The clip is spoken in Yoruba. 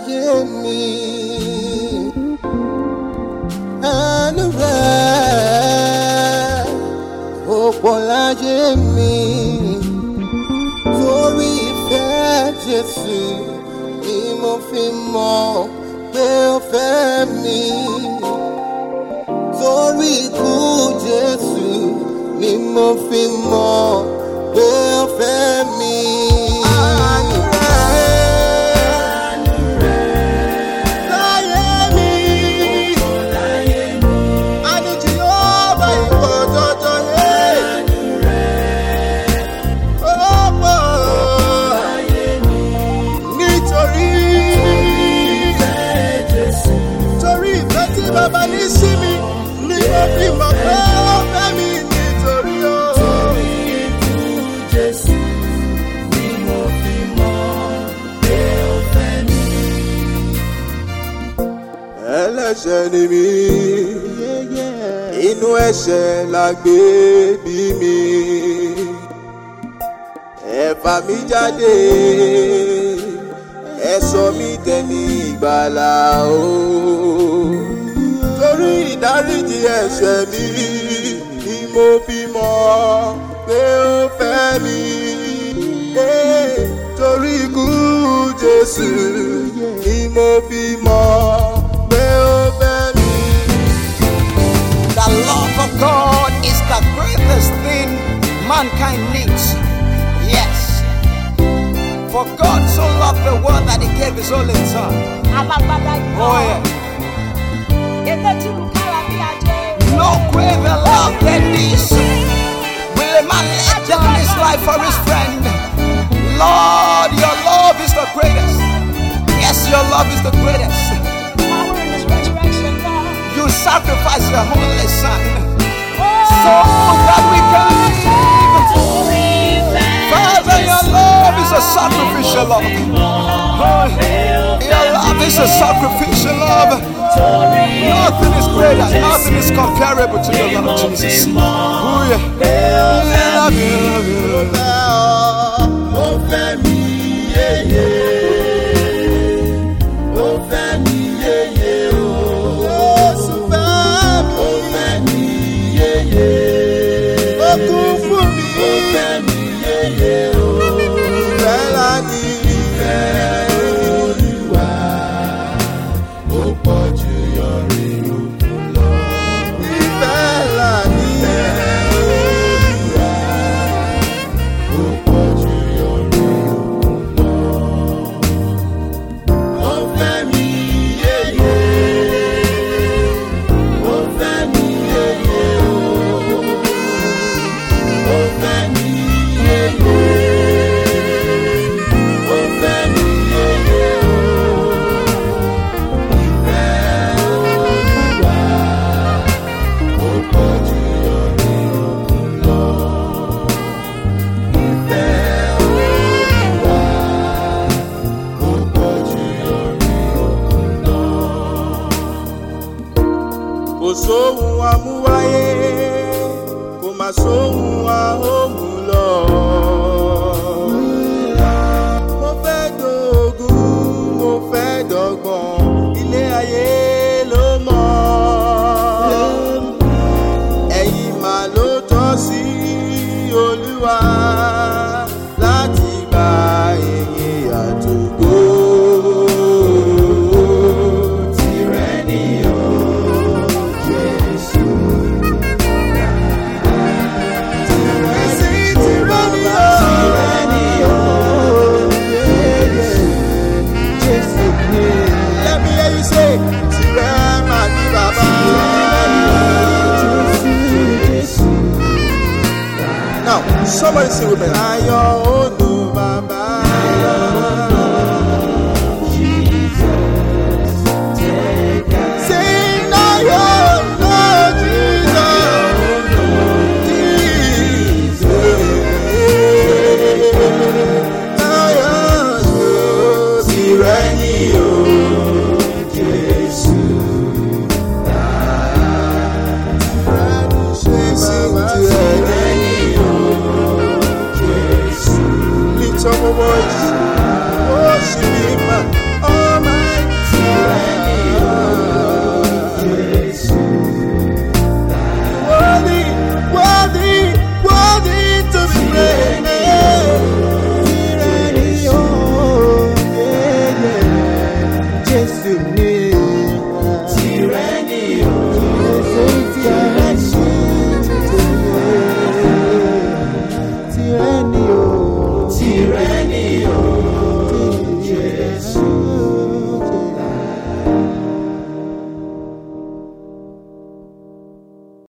Miami oh around. Ọ̀pọ̀ láyé mi torí ìfẹ́ Jésù ni mo fi mọ̀ pé ó fẹ́ mi. Torí ikú Jésù ni mo fi mọ̀ ẹlẹ́ṣẹ̀ ni mí inú ẹ̀ṣẹ̀ la gbé bí mi ẹ fà mí jáde ẹ sọ mí dẹni ìgbàlà o torí ìdáríjì ẹ̀ṣẹ̀ mi ni mo fi mọ̀ pé ó fẹ́ mi torí ikú Jésù ni mo fi mọ̀. mankind needs. Yes. For God so loved the world that he gave his only son. Oh, yeah. No greater love than this. Will a man lay down his life for his friend? Lord, your love is the greatest. Yes, your love is the greatest. You sacrifice your only son. Oh, so that love. Your love is a sacrificial love. Nothing is greater, nothing is comparable to the love of Jesus. Ooh, yeah. Love you, love you. sóhun a ó mú lọ. mo fẹ́ dogun mo fẹ́ dọ́gbọ́n ilé ayé. Somebody say with me. I own. tyranny.